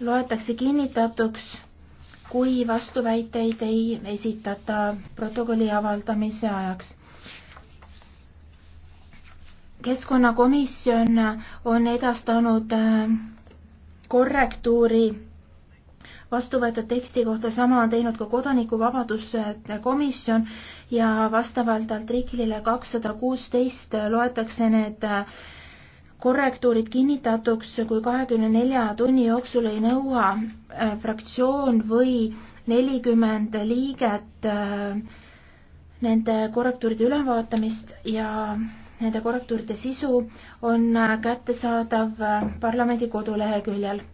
loetakse kinnitatuks, kui vastuväiteid ei esitata protokolli avaldamise ajaks. keskkonnakomisjon on edastanud äh, korrektuuri vastu võetud teksti kohta, sama on teinud ka Kodanikuvabaduste komisjon ja vastavalt artiklile kakssada kuusteist loetakse need äh, korrektuurid kinnitatuks, kui kahekümne nelja tunni jooksul ei nõua äh, fraktsioon või nelikümmend liiget äh, nende korrektuuride ülevaatamist ja nende korrektuuride sisu on äh, kättesaadav parlamendi koduleheküljel